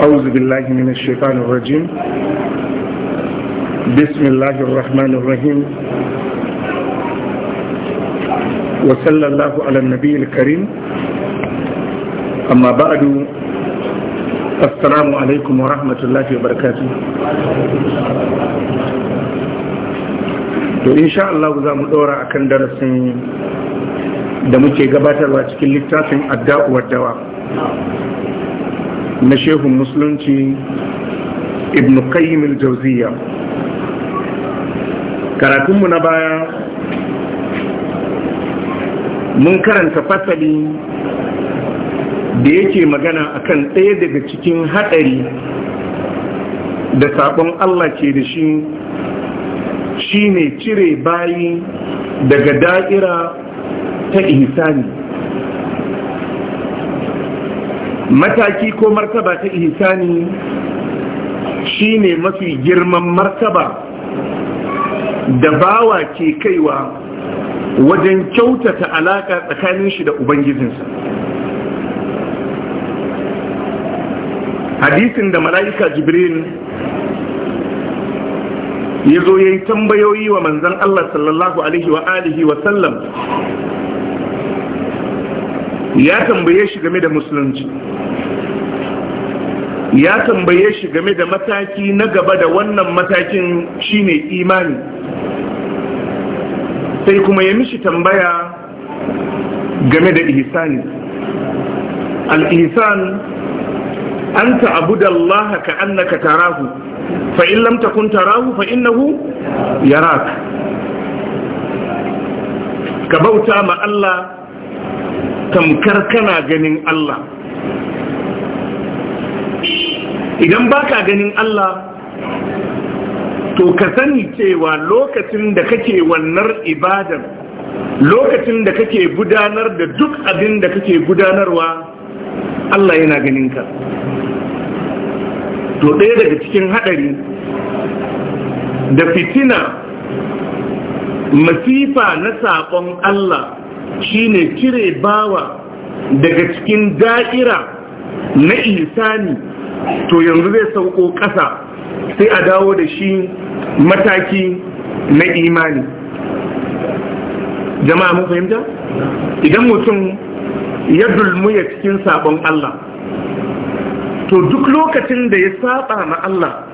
أعوذ بالله من الشيطان الرجيم بسم الله الرحمن الرحيم وصلى الله على النبي الكريم أما بعد السلام عليكم ورحمة الله وبركاته to insha Allah za mu dora akan darasin da muke gabatarwa cikin littafin addu'a dawa na shehun musulunci ibn qayyim Jauziya, karatunmu na baya mun karanta fasali da yake magana akan ɗaya daga cikin haɗari da saƙon Allah ke da shi shi ne cire bayi daga da'ira ta ihsani mataki ko martaba ta ihsani shine mafi girman martaba da bawa ke kaiwa wajen kyautata alaka tsakanin shi da ubangijinsa hadisin da mala'ika jibril ya zo ya yi tambayoyi wa manzan Allah sallallahu alaihi wa alihi wa sallam ya tambaye shi game da musulunci ya tambaye shi game da mataki na gaba da wannan matakin shine imani sai kuma ya mishi tambaya game da ihsani al-ihsan an ta'budu Allah ka annaka tarahu fa in lam takun tarahu fa innahu yarak ka bauta ma Allah tamkar kana ganin Allah idan baka ganin Allah to ka sani cewa lokacin da kake wannan ibadan, lokacin da kake gudanar da duk abin da kake gudanarwa Allah yana ganin ka to ɗaya daga cikin haɗari da fitina masifa na saƙon Allah Shi ne cire bawa daga cikin da'ira na isani, to yanzu zai sauko ƙasa sai a dawo da shi mataki na imani jama'a mun fahimta idan mutum ya dulmu ya cikin sabon Allah to duk lokacin da ya saba ma Allah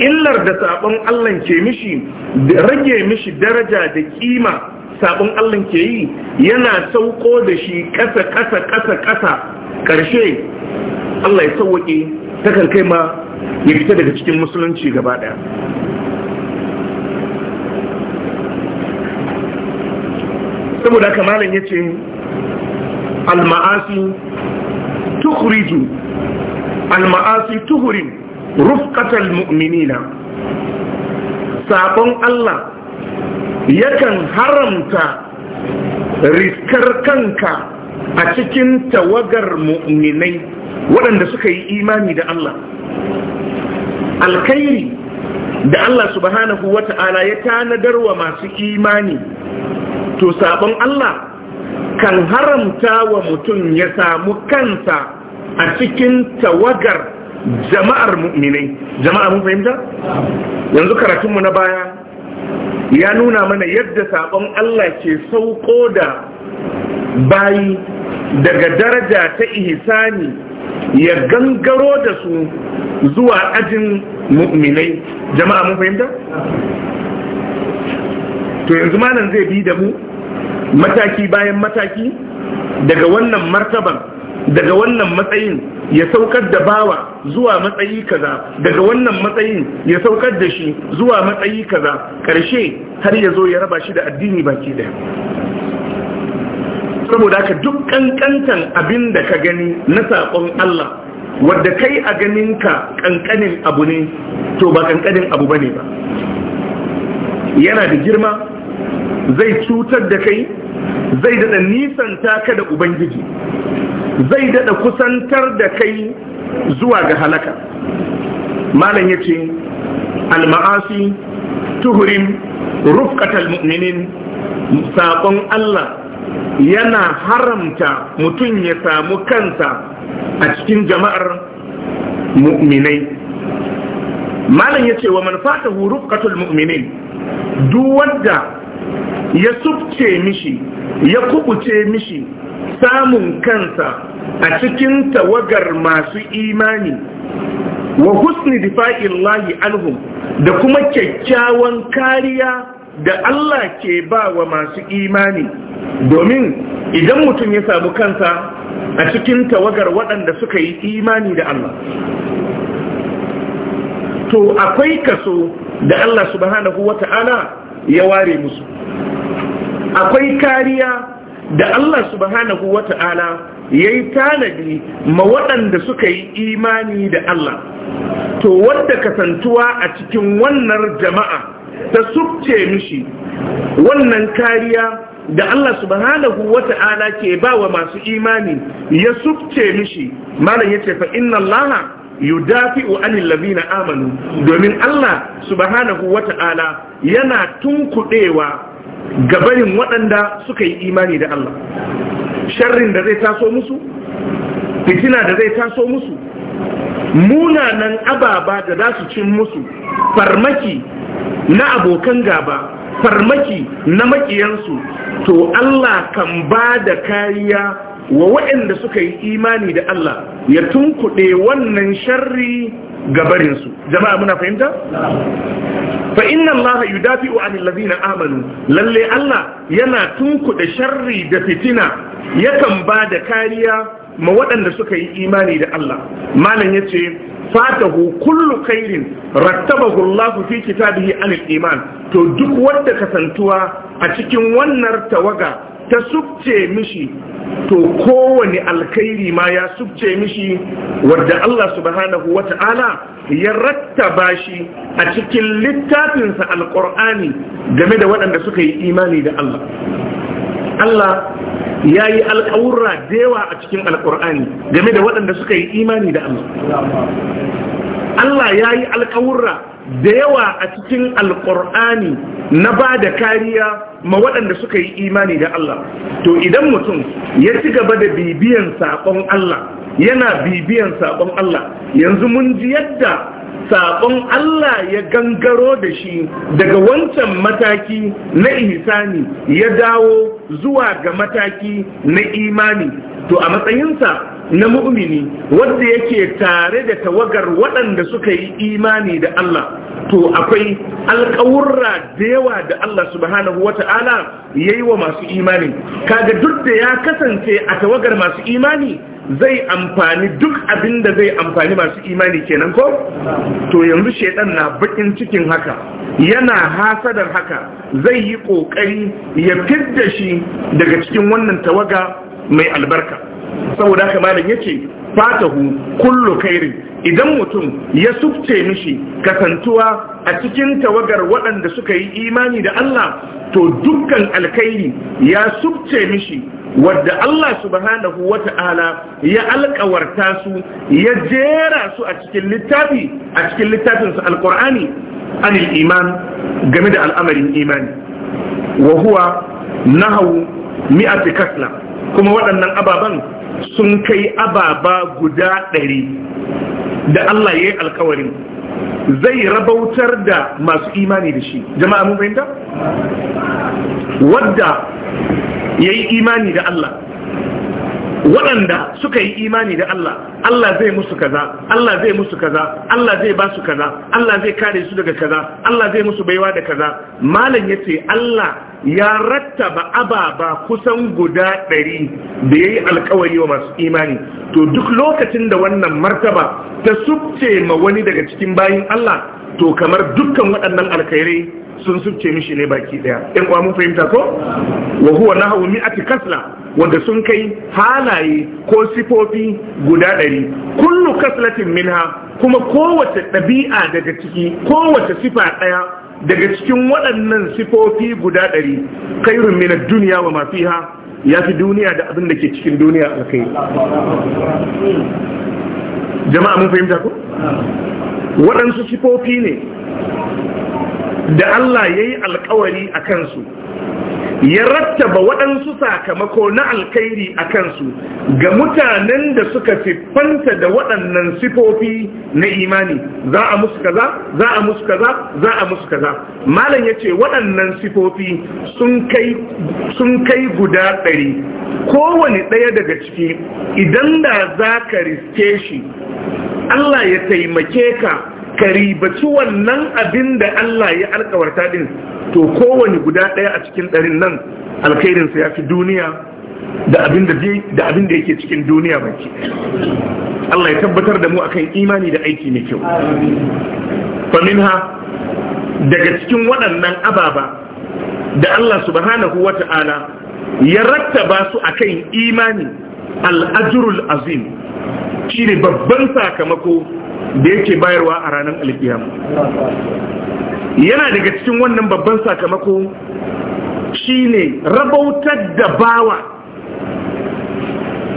illar da sabon Allah ke mishi rage mishi daraja da kima sabon Allah ke yi yana sauko da shi kasa kasa kasa kasa karshe Allah ya sauwake takan kai ma ya fita daga cikin musulunci gaba ɗaya. saboda kamalin ya ce al-ma'asi tuhurin rufkatar mu'minina sabon Allah yakan haramta riskar kanka a cikin tawagar mu'minai waɗanda suka yi imani da Allah alkhairi da Allah subhanahu wa ta'ala ya tanadar wa masu imani to sabon Allah kan haramta wa mutum ya samu kansa a cikin tawagar jama'ar mu'minai jama'a mun fahimta yanzu karatunmu na baya ya nuna mana yadda sabon Allah ke sauko da bayi daga daraja ta ihsani ya gangaro da su zuwa ajin mu'minai jama'a mun fahimta to yanzu malam zai bi da mu mataki bayan mataki daga wannan martaban daga wannan matsayin ya saukar da bawa zuwa matsayi kaza daga wannan matsayin ya saukar da shi zuwa matsayi kaza karshe har ya zo ya raba shi da addini baki daya saboda haka duk kankantan abin da ka gani na saƙon Allah wadda kai a ganin ka kankanin abu ne to ba kankanin abu bane ba yana da girma zai cutar da kai zai daɗa nisanta ka da ubangiji zai dada kusantar da kai zuwa ga halaka malam yace al alma'asi Tuhurin, rufkatar mu'minin saƙon Allah yana haramta mutum ya samu kansa a cikin jama'ar mu'minai malam ya ce wa manfata hu, rufqatul mu'minin duk wanda ya subce mishi ya kubuce mishi samun kansa a cikin tawagar masu imani wa husni difa'illahi alhum da kuma kyakkyawan kariya da Allah ke ba wa masu imani domin idan mutum ya samu kansa a cikin tawagar waɗanda suka yi imani da Allah to akwai kaso da Allah subhanahu wata'ala ya ware musu akwai kariya da Allah subhanahu wa ta'ala ya yi tanadi ma waɗanda suka yi imani da Allah to wadda kasantuwa a cikin wannan jama'a ta subce mishi wannan kariya da Allah subhanahu wa ta'ala ke ba wa masu imani ya subce mishi malam ya ce fa inna Allah yudafi'u anil ladina amanu domin Allah subhanahu wa ta'ala yana tunkuɗewa gabarin waɗanda suka yi imani da Allah sharrin da zai taso musu fitina da zai taso musu munanan ababa da za su cin musu farmaki na abokan gaba farmaki na makiyansu to Allah kan ba da kariya wa waɗanda suka yi imani da Allah ya tunkuɗe wannan sharri gabarinsu jama'a muna fahimta? fa inna Allah yudafi'u 'anil ladina amanu lalle Allah yana tunkuɗe sharri da fitina yakan ba da kariya ma waɗanda suka yi imani da Allah malam yace fatahu kullu khairin rattabahu Allah fi kitabihi 'anil iman to duk wanda kasantuwa a cikin wannan tawaga ta sukce mishi to kowane alkhairi ma ya subce mishi wadda Allah subhanahu wa ta'ala ya rattaba shi a cikin littafinsa alkur'ani game da waɗanda suka yi imani da Allah Allah ya yi alƙawurra dewa a cikin alkur'ani game da waɗanda suka yi imani da Allah Allah ya yi alƙawurra da yawa a cikin alkur'ani na ba da kariya ma waɗanda suka yi imani da Allah to idan mutum ya ci gaba da bibiyan saƙon Allah yana bibiyan saƙon Allah yanzu mun ji yadda saƙon Allah ya gangaro da shi daga wancan mataki na ihsani ya dawo zuwa ga mataki na imani to a matsayinsa na mu'mini wanda yake tare da tawagar waɗanda suka yi imani da Allah to akwai alƙawurra da yawa da Allah subhanahu wata'ala yi wa masu imani kaga duk da ya kasance a tawagar masu imani zai amfani duk abin da zai amfani masu imani kenan ko to yanzu shedan na bakin cikin haka yana hasadar haka zai yi ƙoƙari ya fidda shi daga cikin wannan tawaga mai albarka saboda haka malam yace fatahu kullu khairin idan mutum ya sufce mishi kasantuwa a cikin tawagar waɗanda suka yi imani da Allah to dukkan alkhairi ya sufce mishi wadda Allah subhanahu wata'ala ya alkawarta su ya jera su a cikin littafi a cikin littafinsa alkur'ani anil iman game da al'amarin imani wa huwa hau mi'ati kasla kuma waɗannan ababen sun kai ababa guda ɗari da Allah ya yi alkawarin zai rabautar da masu imani da shi jama'a mun fahimta wadda ya yi imani da Allah waɗanda suka yi imani da Allah Allah zai musu kaza Allah zai musu kaza Allah zai ba su kaza Allah zai kare su daga kaza Allah zai musu baiwa da kaza malam yace Allah ya rattaba ababa kusan guda ɗari da ya yi alkawari wa masu imani to duk lokacin da wannan martaba ta subce ma wani daga cikin bayin Allah to kamar dukkan waɗannan alkhairai sun subce mishi ne baki ɗaya ɗan kuwa mun fahimta ko wa huwa nahwu mi'ati kasla wanda sun kai halaye ko sifofi guda ɗari kullu kaslatin minha kuma kowace ɗabi'a daga ciki kowace sifa ɗaya daga cikin waɗannan sifofi guda ɗari kairun mina duniya wa mafi ha ya fi duniya da abin da ke cikin duniya kai. jama'a mun fahimta ko waɗansu sifofi ne da Allah ya yi alkawari a kansu ya rattaba waɗansu sakamako na alkhairi a kansu ga mutanen da suka siffanta da waɗannan sifofi na imani za a musu kaza za a musu kaza za a musu kaza malam ya ce waɗannan sifofi sun kai guda ɗari kowane ɗaya daga ciki idan da za ka riske shi Allah ya taimake ka Karibaci wannan abin da Allah ya alkawarta din to kowane guda ɗaya a cikin ɗarin nan alkhairinsa ya fi duniya da abin da yake cikin duniya baki Allah ya tabbatar da mu akan imani da aiki mai kyau faminha daga cikin waɗannan ababa da Allah subhanahu wa ta'ala ya rattaba su akan imani al'ajirul azim shi ne babban sakamako da yake bayarwa a ranar alƙiyam yana daga cikin wannan babban sakamako shine rabautar da bawa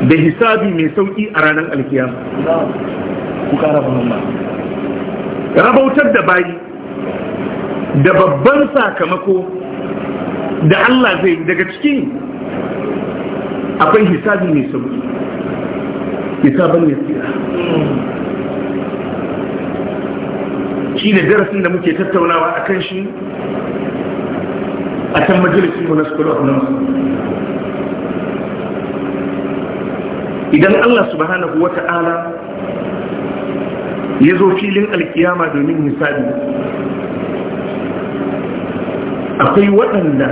da hisabi mai sauƙi a ranar alƙiyam rabautar da bayi da babban sakamako da Allah zai daga cikin akwai hisabi mai sauki hisaban yasira shi ne darasin da muke tattaunawa a kan shi a can majalisun mu na school of idan allah subhanahu wa ta'ala ya zo filin alkiyama domin hisabi akwai waɗanda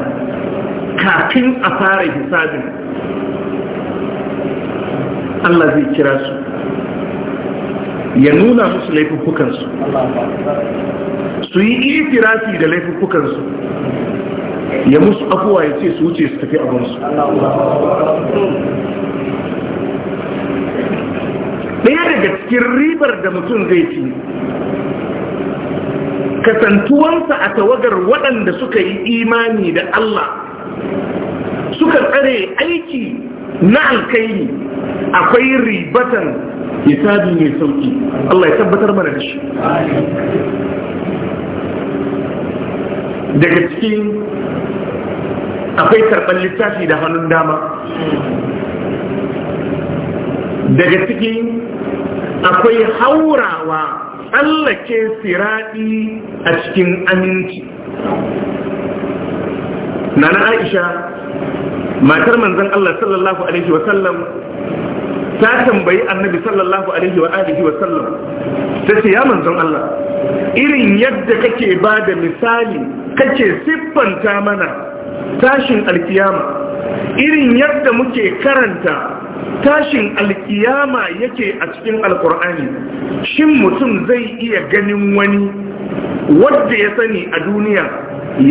kafin a fara hisabin allah zai kira su ya nuna musu laifukansu su yi itirafi da laifukansu ya musu afuwa ya ce su wuce su tafi abinsu ɗaya daga cikin ribar da mutum zai ci kasantuwansa a tawagar waɗanda suka yi imani da Allah suka tsare aiki na alkaini akwai ribatan hisabi mai sauki Allah ya tabbatar mana da shi daga cikin akwai karɓar littafi da hannun dama daga cikin akwai haurawa tsallake siraɗi a cikin aminci na na aisha matar manzan Allah sallallahu Alaihi wasallam ta tambayi annabi sallallahu alaihi wa alihi wa sallam ta ce ya manzon Allah irin yadda kake ba da misali kake siffanta mana tashin alkiyama irin yadda muke karanta tashin alkiyama yake a cikin alkur'ani shin mutum zai iya ganin wani wadda ya sani a duniya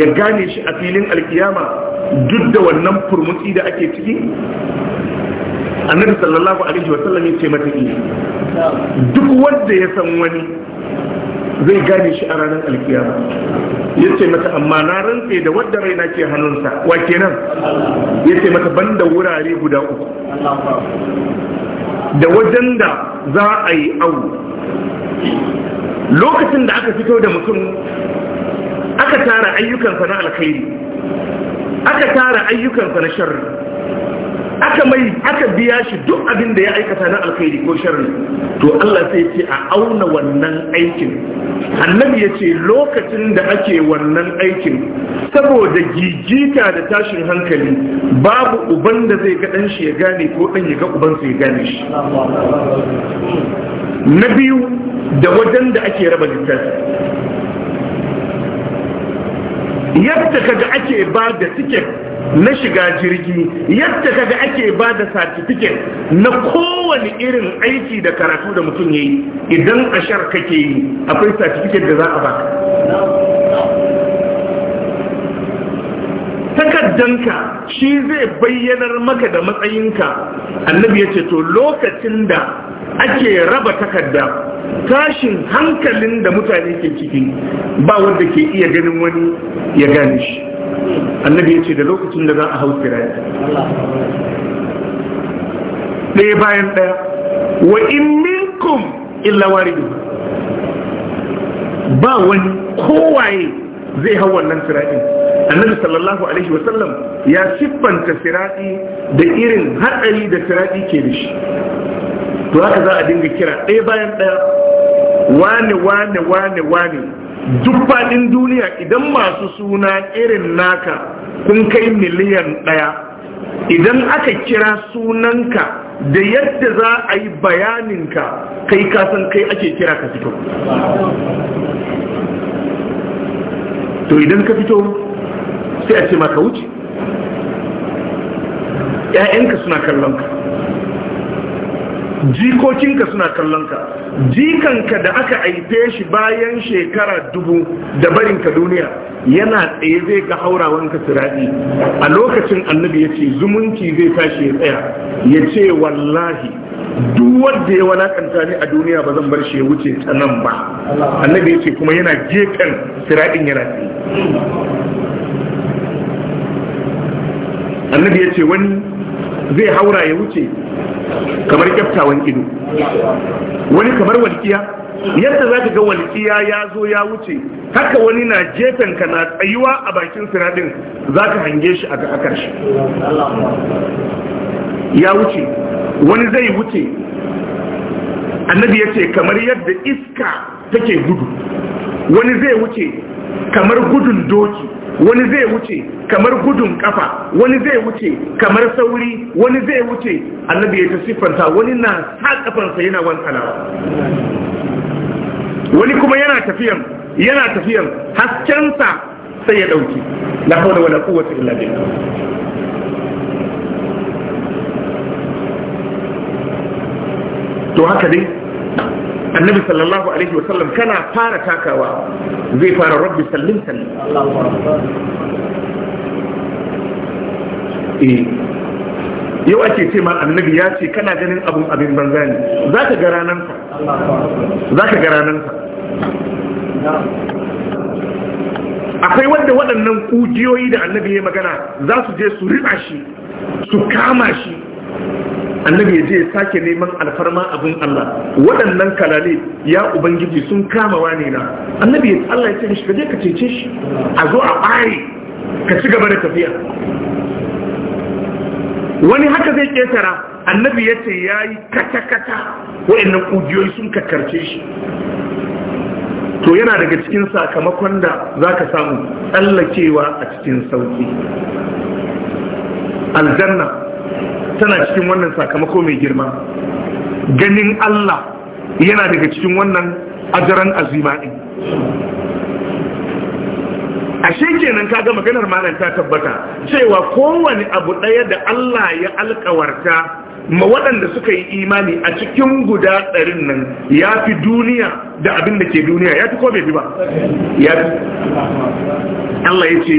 ya gane shi a filin alkiyama duk da wannan furmutsi da ake ciki annabi sallallahu alaihi wa sallam yace mata duk wanda ya san wani zai gane shi a ranar alkiyama yace mata amma na rantse da wadda raina ke hannunsa wa kenan yace mata banda wurare guda uku da wajen da za a yi awu lokacin da aka fito da mutum aka tara ayyukansa na alkhairi aka tara ayyukansa na sharri aka mai aka biya shi duk abin da ya aikata na alkhairi ko sharri to Allah sai ce a auna wannan aikin annabi ya ce lokacin da ake wannan aikin saboda gigita da tashin hankali babu uban da zai ga dan shi ya gane ko dan ya ga sai ya gane shi na biyu da wajen da ake raba littafi yadda kaga ake ba da tiket na shiga jirgi yadda kaga ake ba da satifiket na kowane irin aiki da karatu da mutum ya yi idan a shar kake yi akwai satifiket da za a baka takaddanka shi zai bayyanar maka da matsayinka annabi ya ce to lokacin da ake raba takadda tashin hankalin da mutane ke ciki ba wanda ke iya ganin wani ya gane shi annabi ya ce da lokacin da za a hau sirari ɗaya bayan ɗaya wa in minkum illa waridu ba wani kowaye zai hau wannan sirari annabi sallallahu alaihi wasallam ya siffanta sirari da irin haɗari da sirari ke da shi to haka za a dinga kira ɗaya bayan ɗaya wane wane wane wane duk faɗin duniya idan masu suna irin naka kun kai miliyan ɗaya idan aka kira sunanka da yadda za a yi bayaninka kai kasan kai ake kira ka fito to idan ka fito sai a ce maka wuce ‘ya'yanka suna kallonka jikokinka suna kallonka jikanka da aka aife shi bayan shekara dubu da barinka duniya yana tsaye zai ga ka siradi a lokacin annabi ya ce zumunci zai tashi ya tsaya ya ce wallahi duk wanda ya walakanta ni a duniya ba zan bar shi ya wuce ta nan ba annabi ya ce kuma yana gefen siradin yana tsaye annabi ya ce wani zai haura ya wuce kamar kyaftawan ido wani kamar walƙiya yadda za ka ga walƙiya ya zo ya wuce haka wani na jefen ka na tsayuwa a bakin sinadin za ka hange shi a ƙarshe ya wuce wani zai wuce annabi ya ce kamar yadda iska take gudu wani zai wuce kamar gudun doki wani zai wuce kamar gudun kafa wani zai wuce kamar sauri wani zai wuce annabi ya ta siffanta wani na sa kafansa yana wankana wani kuma yana tafiyan yana tafiyan haskensa sai ya dauki la hawla wala quwwata illa billah to haka dai annabi sallallahu alaihi wa sallam kana fara takawa zai fara rabbi sallim sallim eh, yau ake ce ma annabi ya ce kana ganin abin abin banza ne za ka ga ranansa za ka ga ranansa akwai wanda waɗannan kujiyoyi da annabi ya magana za su je su riba shi su kama shi annabi ya je ya sake neman alfarma abin Allah waɗannan kalale ya ubangiji sun kama wani na annabi Allah ya ce mishi kaje ka cece shi a zo a bari ka ci gaba da tafiya wani haka zai ketara annabi ya ce ya kata-kata waɗannan ƙugiyoyi sun kakarce shi to yana daga cikin sakamakon da za ka samu tsallakewa a cikin sauki aljanna tana cikin wannan sakamako mai girma ganin Allah yana daga cikin wannan ajaran azima din ashe kenan kaga maganar malam ta tabbata cewa kowane abu ɗaya da Allah ya alkawarta ma waɗanda suka yi imani a cikin guda ɗarin nan ya fi duniya da abin da ke duniya ya fi ko bai fi ba ya fi Allah ya ce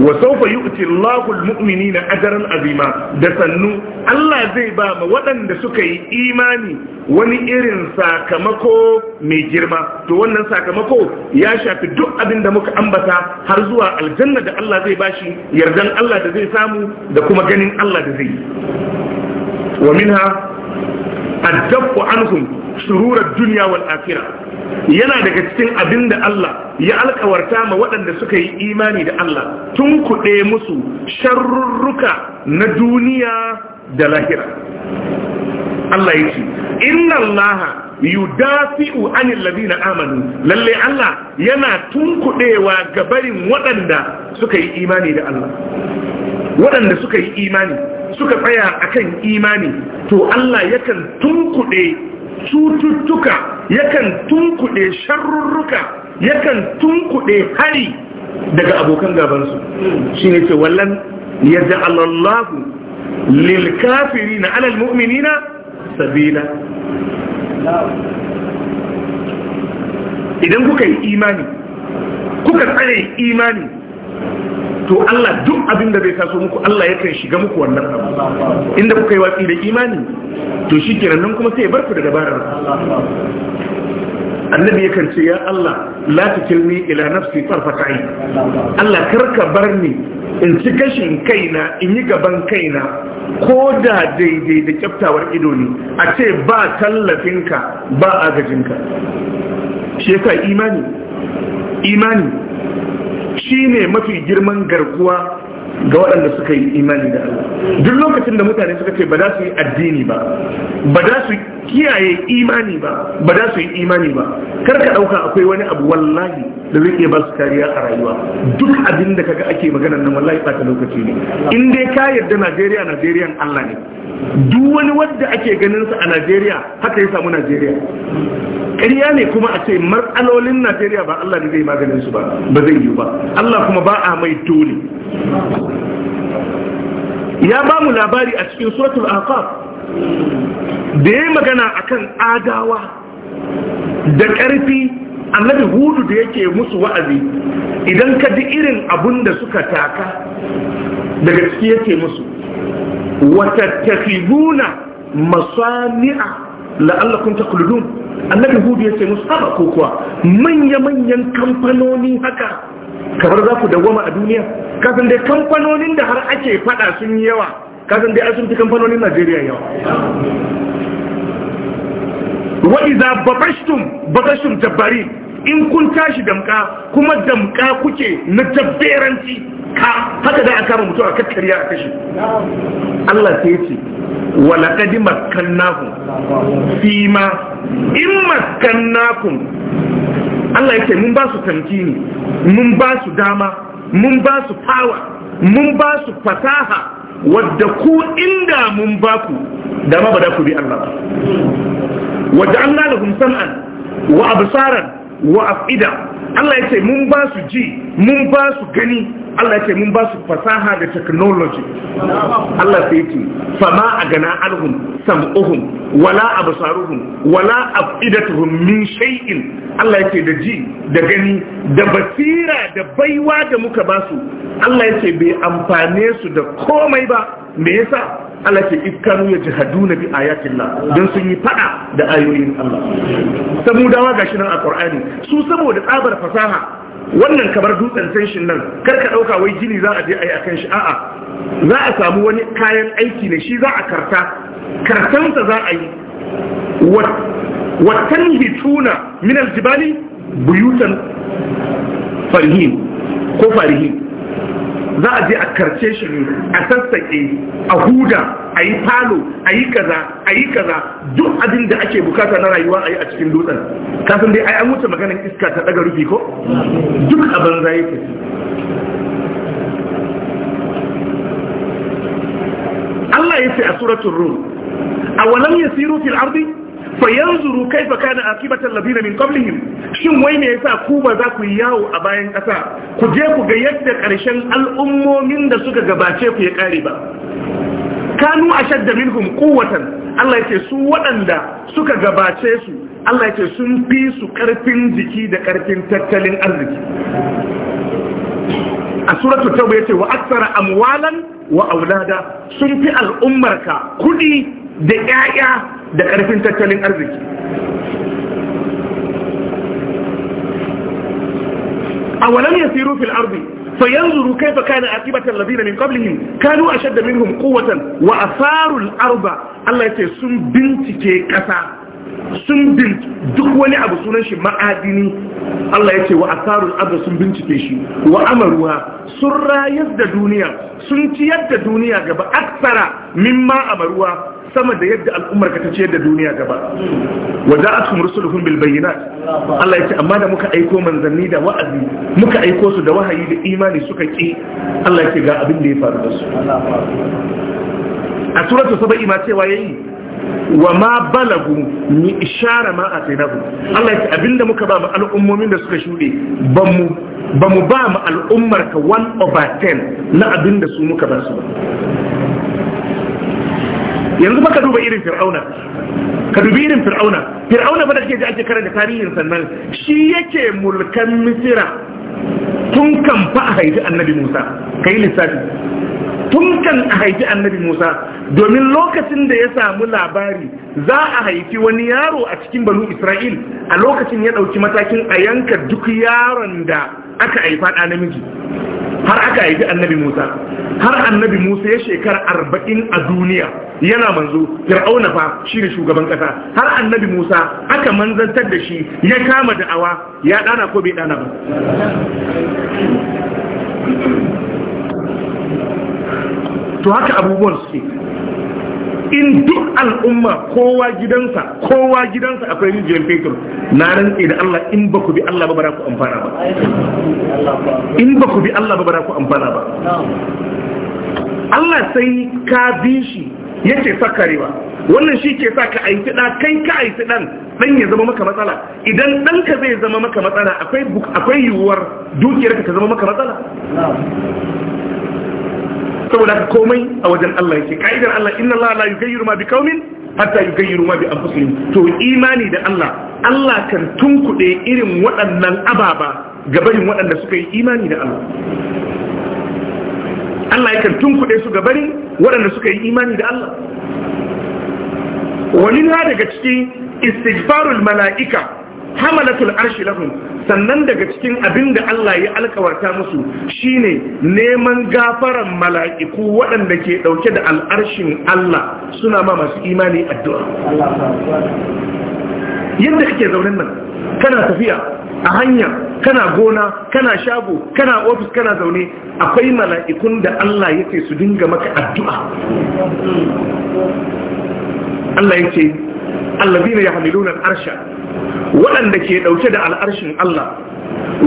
wa sawfa yu'ti Allahu al-mu'minina azima da sannu Allah zai ba ma waɗanda suka yi imani wani irin sakamako mai girma to wannan sakamako ya shafi duk abin da muka ambata har zuwa aljanna da Allah zai bashi yardan Allah da zai samu da kuma ganin Allah da zai wa minha ad-dafu anhum surura ad-dunya yana daga cikin abin da Allah ya alkawarta ma waɗanda suka yi imani da Allah tun kuɗe musu sharurruka na duniya da lahira Allah ya ce inna Allah yudafi'u anil na amanu lalle Allah yana tun kuɗewa gabarin waɗanda suka yi imani da Allah waɗanda suka yi imani suka tsaya akan imani to Allah yakan tunkuɗe cututtuka yakan tunkuɗe sharrurruka yakan tunkuɗe hari daga abokan gabansu shi ne ce wallan ya ja'alallahu lilkafiri na alal mu'minina sabila idan kuka yi imani kuka tsare imani to Allah duk abin da bai taso muku Allah ya kai shiga muku wannan abu inda kuka yi watsi da imani to shi ke nan kuma sai ya bar ku da dabarar annabi yakan ce ya Allah la tukilni ila nafsi tarfata ayn Allah karka bar ni in ci gashin kaina in yi gaban kaina ko da daidai da kyaftawar ido ne a ce ba tallafinka ba agajinka shi yasa imani imani Shi ne mafi girman garkuwa ga waɗanda suka yi imani da Allah duk lokacin da mutane suka ce ba za su yi addini ba ba za su kiyaye imani ba ba za su yi imani ba kar ka ɗauka akwai wani abu wallahi da zai iya ba su kariya a rayuwa duk abin da kaga ake magana nan wallahi ɓata lokaci ne in dai ka yarda Najeriya Najeriya Allah ne duk wani wanda ake ganin sa a Najeriya haka ya samu Najeriya ƙarya ne kuma a ce matsalolin najeriya ba allah ne zai maganin su ba ba zai yi ba allah kuma ba a mai dole ya ba mu labari a cikin suratul aqab da ya magana akan adawa da ƙarfi annabi hudu da yake musu wa'azi idan ka ji irin abun da suka taka daga ciki yake musu wata tafibuna masani'a la'allakum taqludun annabi hudu ya ce musu haba ko kuwa manya manyan kamfanoni haka kamar za ku dawwama a duniya kasan dai kamfanonin da har ake fada sun yi yawa kasan dai sun fi kamfanonin Najeriya yawa wa idza babashtum babashtum in kun tashi damka kuma damka kuke na jabberanci haka da a kama mutum a kakkarya a kashi Allah sai ce wala kadi makkannakum fi in makkannakum Allah ya mun ba su tamkini mun ba su dama mun ba su power mun ba su fasaha wadda ku inda mun ba ku dama ba da ku bi Allah wadda an lalahun san'an wa absaran wa afida Allah ya ce mun ba su ji mun ba su gani Allah ya ce mun ba su fasaha da technology Allah sai ce fama a gana alhum sam'uhum wala absaruhum wala afidatuhum min shay'in Allah ya ce da ji da gani da basira da baiwa da muka ba su Allah ya ce bai amfane su da komai ba me yasa Allah ke ikkanu ya na bi ayatillah don sun yi fada da ayoyin Allah ga gashi nan a Qur'ani su saboda tsabar fasaha wannan kamar dutsen tenshin nan karka ɗauka wai gini za a je a ayi akan shi a'a za a samu wani kayan aiki ne shi za a karta kartansa za a yi watan hituna min aljibali buyutan farihin ko farihin za a je a karce shi ne a sassaƙe a huda a yi falo a yi kaza a yi kaza duk abin da ake bukata na rayuwa a yi a cikin dutsen kasan dai ai an wuce maganin iska ta daga rufi ko duk a yi yake Allah ya ce a a rum awalam yasiru fil ardi fa yanzuru kaifa kana akibatal ladina min qablihim shin wai me yasa ku ba za ku yi yawo a bayan kasa ku je ku ga yadda karshen al'ummomin da suka gabace ku ya kare ba kanu ashadda minhum quwwatan Allah yake su waɗanda suka gabace su Allah yake sun fi su karfin jiki da karfin tattalin arziki a suratu tauba yace wa aktsara amwalan wa aulada sun fi al'ummarka kudi da 'ya'ya da ƙarfin tattalin arziki awalam yasiru fil ardi fayanzuru kaifa kana aqibatu alladhina min qablihim kanu ashadda minhum quwwatan wa atharu al arda Allah ce sun bincike ƙasa sun bincike duk wani abu sunan shi ma'adini Allah ya ce wa asarul arba sun bincike shi wa amaruwa sun rayar da duniya sun ciyar da duniya gaba aksara mimma amaruwa sama da yadda al'ummar ka ta ciyar da duniya gaba wa ja'atuhum rusuluhum bil bayyinat Allah ya ce amma da muka aiko manzanni da wa'azi muka aiko su da wahayi da imani suka ki Allah ya ce ga abin da ya faru da su a suratul saba'i ma cewa yayi wa ma balagu ni ishara ma atainahu Allah ya ce abinda muka ba mu al'ummomin da suka shude ban mu ba mu ba mu al'ummar ka 1 over 10 na abinda su muka ba su ba yanzu baka duba irin fir'auna ka dubi irin fir'auna fir'auna ba da ke ji ake da tarihin sannan shi yake mulkan misira tun kan fa a haifi annabi musa ka yi lissafi tun kan a haifi annabi musa domin lokacin da ya samu labari za a haifi wani yaro a cikin banu isra'il a lokacin ya ɗauki matakin a yanka duk yaron da aka haifa ɗa namiji har aka haifi annabi Musa har annabi Musa ya shekara arba'in a duniya yana manzo fir'auna fa shine shugaban kasa har annabi Musa aka manzantar da shi ya kama da'awa ya dana ko bai dana ba to haka abubuwan suke in duk al'umma kowa gidansa kowa gidansa akwai rijiyar fetur na rantse da Allah in ba ku bi Allah ba ba ku amfana ba in ba ku bi Allah ba ba ku amfana ba Allah sai ka bi shi yake sakarewa wannan shi ke sa ka aiki ɗa kai ka aiki ɗan ɗan ya zama maka matsala idan ɗanka zai zama maka matsala akwai yiwuwar dukiyarka ta zama maka matsala saboda haka komai a wajen Allah yake ka'idar Allah inna Allah la yughayyiru ma biqaumin hatta yughayyiru ma bi anfusihim to imani da Allah Allah kan tunkuɗe irin waɗannan ababa gabarin waɗanda suka yi imani da Allah Allah yakan tunkuɗe su gabarin waɗanda suka yi imani da Allah wani na daga cikin istighfarul mala'ika hamalatul arshi lahum sannan daga cikin abin da Allah ya alkawarta musu shine neman gafaran mala'iku waɗanda ke ɗauke da al'arshin Allah suna ma masu imani addu'a yadda kake zaunin nan kana tafiya a hanya kana gona kana shago kana ofis kana zaune akwai mala'ikun da Allah ya su dinga maka addu'a Allah ya allazina yahmiluna al waɗanda ke ɗauke da al'arshin Allah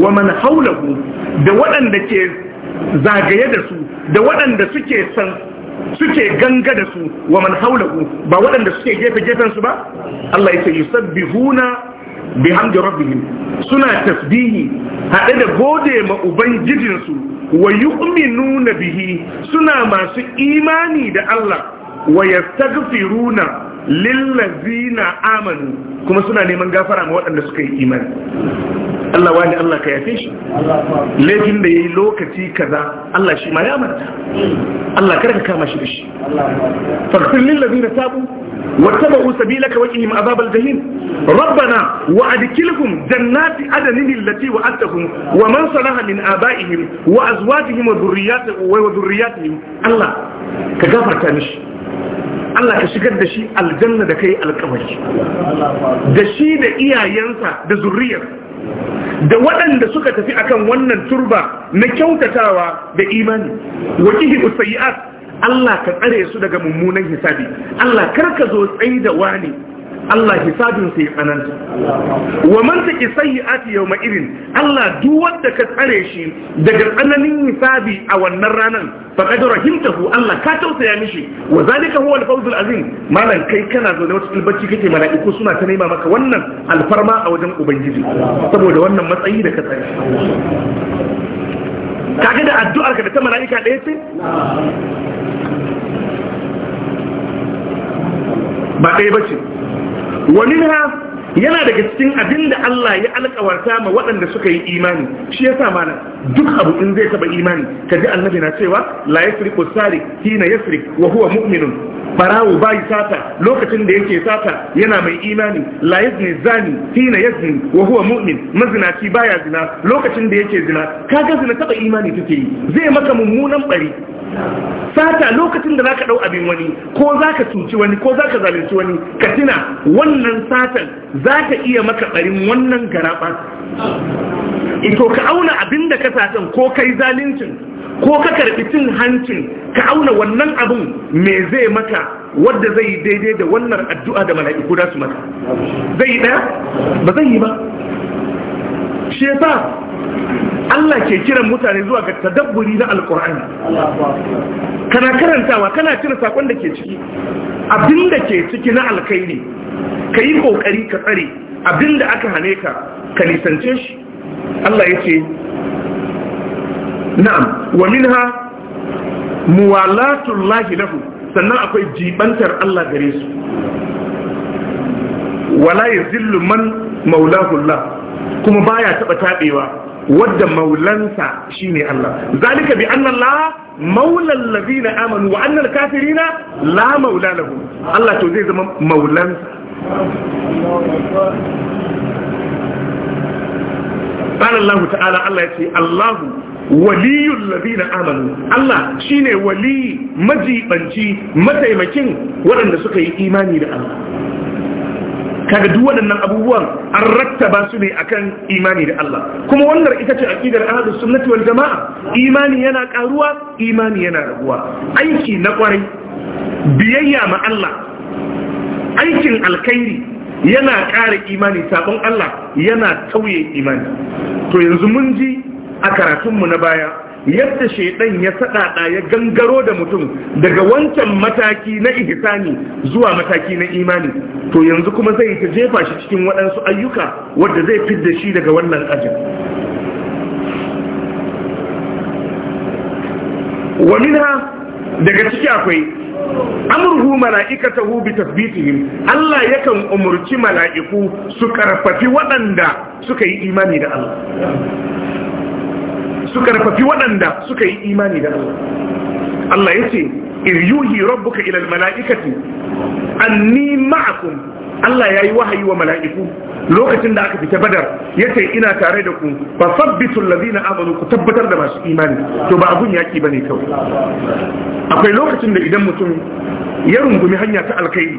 wa man haulahu da waɗanda ke zagaye da su da waɗanda suke san suke ganga da su wa man haulahu ba waɗanda suke gefe-gefen su ba Allah ya yusabbihuna bihamdi rabbihim suna tasbihi haɗe da gode ma ubangijinsu wa yu'minuna bihi suna masu imani da Allah wa yastaghfiruna lillazina amanu kuma suna neman gafara ma waɗanda suka yi imani Allah wani Allah ka yafe shi laifin da yi lokaci kaza Allah shi ma ya manta Allah karka kama shi da shi faghfir lillazina tabu واتبعوا سبيلك وقهم عذاب الجحيم ربنا وادخلهم جنات عدن التي وعدتهم ومن صلح من آبائهم وأزواجهم وذرياتهم وذرياتهم الله كغفرت مشي Allah ka shigar da shi aljanna da kai alkawari da shi da iyayensa da zuriyar da waɗanda suka tafi akan wannan turba na kyautatawa da imani wakihi usayi'at Allah ka tsare su daga mummunan hisabi Allah kar ka zo tsayi da wani Allah hisabin sai tsananta wa man taki sayyi'ati yawma irin Allah duk wanda ka tsare shi daga tsananin hisabi a wannan ranar, faqad rahimtahu Allah ka tausaya mishi wa zalika huwa al-fawz azim malan kai kana zo da wasu bacci kake mala'iku suna ta nema maka wannan alfarma a wajen ubangiji saboda wannan matsayi da ka tsare kaga da addu'ar ka da ta mala'ika ɗaya ce ba ɗaya ba ce waminha yana daga cikin abin da Allah ya alkawarta ma waɗanda suka yi imani shi yasa mana duk abu in zai taba imani kaji annabi na cewa la yasriqu sariq hina yasriq wa huwa mu'minun barawo bai sata lokacin da yake sata yana mai imani la yazni zani hina yazni wa huwa mu'min mazinaci baya zina lokacin da yake zina kaga zina taɓa imani take yi zai maka mummunan bari sata lokacin da za ka ɗau abin wani ko za ka cuci wani ko za ka zalunci wani ka tuna wannan satan za ka iya maka barin wannan garaɓa. ito eh, ka auna abin da ka satan ko kai zaluncin ko ka karɓi cin hancin ka auna wannan abin me zai maka wadda zai yi daidai da wannan addu'a da mala'iku da su maka zai yi ɗaya ba zai yi ba Allah ke kiran mutane zuwa ga tadabburi na alkur'ani kana karantawa kana cire sakon da ke ciki abinda ke ciki na alkaini ka yi kokari ka tsare abinda aka hane ka ka nisance shi Allah ya ce na'am wa minha muwalatul lahi lahu sannan akwai jibantar Allah gare su wala yazillu man maulahu Allah kuma baya taba tabewa wadda maulansa shine Allah zalika bi anna Allah maula allazina amanu wa anna kafirina la maula lahum Allah to zai zama maulansa قال الله تعالى الله يتي الله ولي الذين آمنوا الله شيني ولي مجي بنجي متى يمكن ولن سكي إيماني لأ الله kaga duk waɗannan abubuwan an rattaba su ne akan imani da Allah kuma wannan ita ce aqidar ahlus sunnati wal jamaa imani yana ƙaruwa imani yana raguwa aiki na kwarai biyayya ma Allah aikin alkhairi yana ƙara imani sabon Allah yana tauye imani to yanzu mun ji a karatunmu na baya yadda shaidan ya saɗaɗa ya gangaro da mutum daga wancan mataki na ihsani zuwa mataki na imani to yanzu kuma zai ta jefa shi cikin waɗansu ayyuka wadda zai fidda shi daga wannan ajin ومنها daga ciki akwai amurhu mala'ikatahu bi tathbitihim Allah yakan umurci mala'iku su karfafi waɗanda suka yi imani da Allah suka rafafi waɗanda suka yi imani da Allah Allah ya ce iryuhi rabbuka ila almala'ikati anni ma'akum Allah ya yi wahayi wa mala'iku lokacin da aka fita badar ya ce ina tare da ku ba sabbitul ladina amanu ku tabbatar da masu imani to ba abun yaki bane kawai akwai lokacin da idan mutum ya rungumi hanya ta alkhairi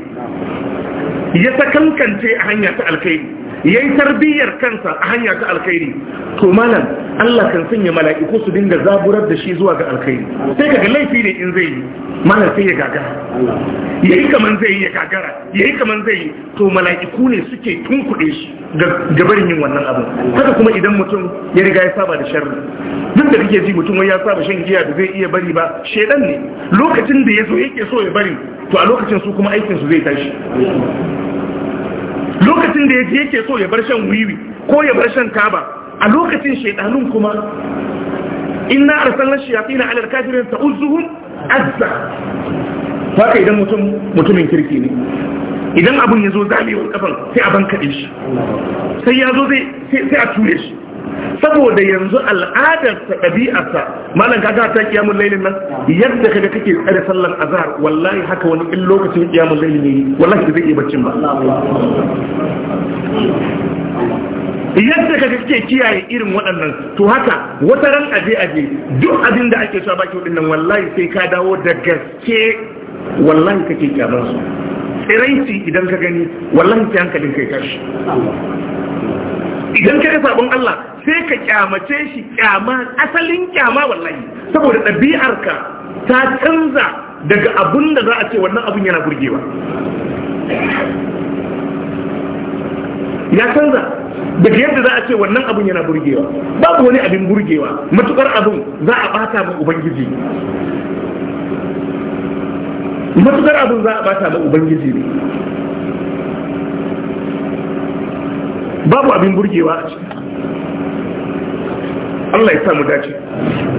ya sakankance a hanya ta alkhairi ya yi tarbiyyar kansa a hanya ta alkhairi to malam Allah kan sanya mala'iku su dinga zaburar da shi zuwa ga alkhairi sai kaga laifi ne in zai yi mana sai ya gagara ya yi kaman zai yi ya gagara ya yi kaman zai yi to mala'iku ne suke tunkuɗe shi gabarin yin wannan abin haka kuma idan mutum ya riga ya saba da sharri duk da kake ji mutum ya saba shan giya da zai iya bari ba shedan ne lokacin da ya zo yake so ya bari to a lokacin su kuma aikin su zai tashi lokacin da yake so ya bar shan wiwi ko ya bar shan taba a lokacin shaitanun kuma inna arsalna shayatin ala alkafirin ta'uzuhum azza haka idan mutum mutumin kirki ne idan abun yazo zamewar kafan sai a banka shi sai yazo sai sai a ture shi saboda yanzu al'adarsa ɗabi'arsa malam ka ta kiyamun lailin nan yadda kaga kake tsare sallar azhar wallahi haka wani in lokacin kiyamun lailin ne wallahi zai iya baccin ba yadda kaga kake kiyaye irin waɗannan to haka wata ran aje aje duk abin da ake cewa baki waɗannan wallahi sai ka dawo da gaske wallahi kake kyamar su tsiraici idan ka gani wallahi sai hankalin kai tashi idan ka ga sabon Allah sai ka kyamace shi kyama asalin kyama wallahi saboda ɗabi'arka ta canza daga abun da za a ce wannan abun yana burgewa ya canza daga yadda za a ce wannan abun yana burgewa babu wani abin burgewa matukar abun za a bata ma ubangiji matukar abun za a bata ma ubangiji ne babu abin burgewa a ciki Allah ya samu dace daga ciki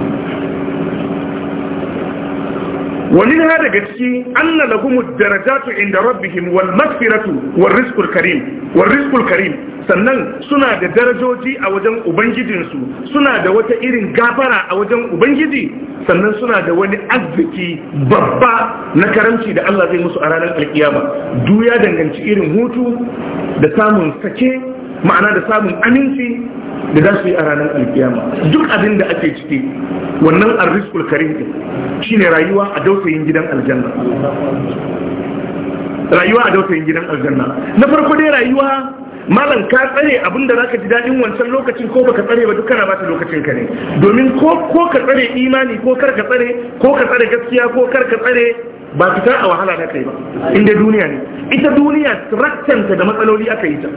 ومنها darajatu inda rabbihim wal masfiratu ربهم والمغفره karim الكريم والرزق karim sannan suna da darajoji a wajen ubangijinsu suna da wata irin gafara a wajen ubangiji sannan suna da wani arziki babba na karamci da Allah zai musu a ranar alkiyama duk ya danganci irin hutu da samun sake ma'ana da samun aminci da za su yi a ranar alkiyama duk abin da ake ciki wannan arriskul karim din shine rayuwa a dausayin gidan aljanna rayuwa a dausayin gidan aljanna na farko dai rayuwa malam ka tsare abin da zaka ji daɗin wancan lokacin ko baka tsare ba duk kana bata lokacin ka ne domin ko ka tsare imani ko kar ka tsare ko ka tsare gaskiya ko kar ka tsare ba fita a wahala na kai ba inda duniya ne ita duniya raktanta da matsaloli aka yi ta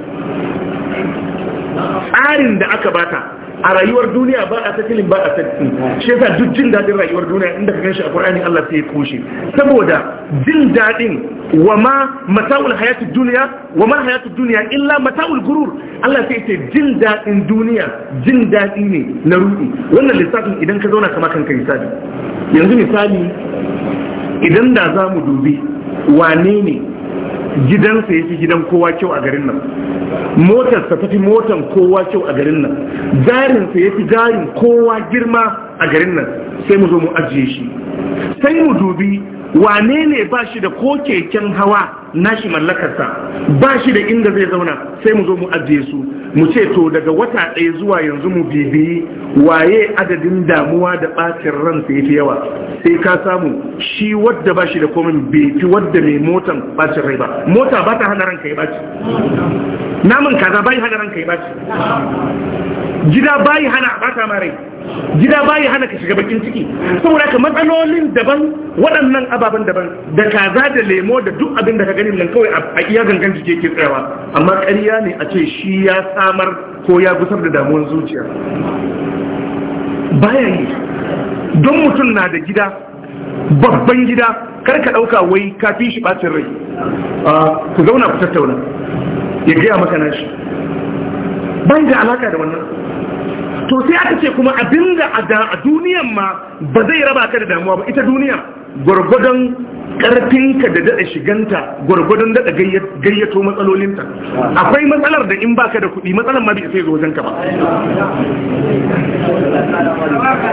tsarin da aka bata a rayuwar duniya ba a tattalin ba a tattalin shi yasa duk jin daɗin rayuwar duniya inda ka ganshi a ƙwararri Allah sai ya kushe saboda jin daɗin wa ma mata'ul hayatid duniya wa ma hayatid duniya illa mata'ul gurur Allah sai ce jin daɗin duniya jin daɗi ne na rudi wannan lissafin idan ka zauna kama kanka misali yanzu misali idan da za mu dubi wane ne gidansa ya gidan kowa kyau a garin nan motarsa ta fi motan kowa kyau a garin nan jarinsa ya fi jarin kowa girma a garin nan sai mu zo mu ajiye shi sai mu dubi wane ne ba shi da ko keken hawa shi mallakarsa ba shi da inda zai zauna sai mu zo mu ajiye su mu ce to daga wata ɗaya zuwa yanzu mu bibiyi waye adadin damuwa da ɓacin ran ya fi yawa sai ka samu shi wadda ba shi da komin bai fi wadda mai motan ɓacin rai ba mota ba ta hana ranka ya ɓaci naman kaza ba yi hana ranka ya ɓaci gida ba yi hana ɓata ma rai gida bayi hana ka shiga bakin ciki saboda ka matsalolin daban waɗannan ababen daban da kaza da lemo da duk abin da ka gani nan kawai a iya gangan jike ke tsayawa amma ƙarya ne a ce shi ya samar ko ya gusar da damuwar zuciya baya yi don mutum na da gida babban gida kar ka ɗauka wai fi shi ɓacin rai ku zauna ku tattauna ya gaya maka nashi ban da alaka da wannan to sai aka ce kuma abinda a duniyan ma ba zai raba ka da damuwa ba ita duniya gwargwadon karfinka da daɗa shiganta gwargwadon daɗa gayyato matsalolinta akwai matsalar da in baka da kuɗi matsalar ma bai sai zo wajenka ba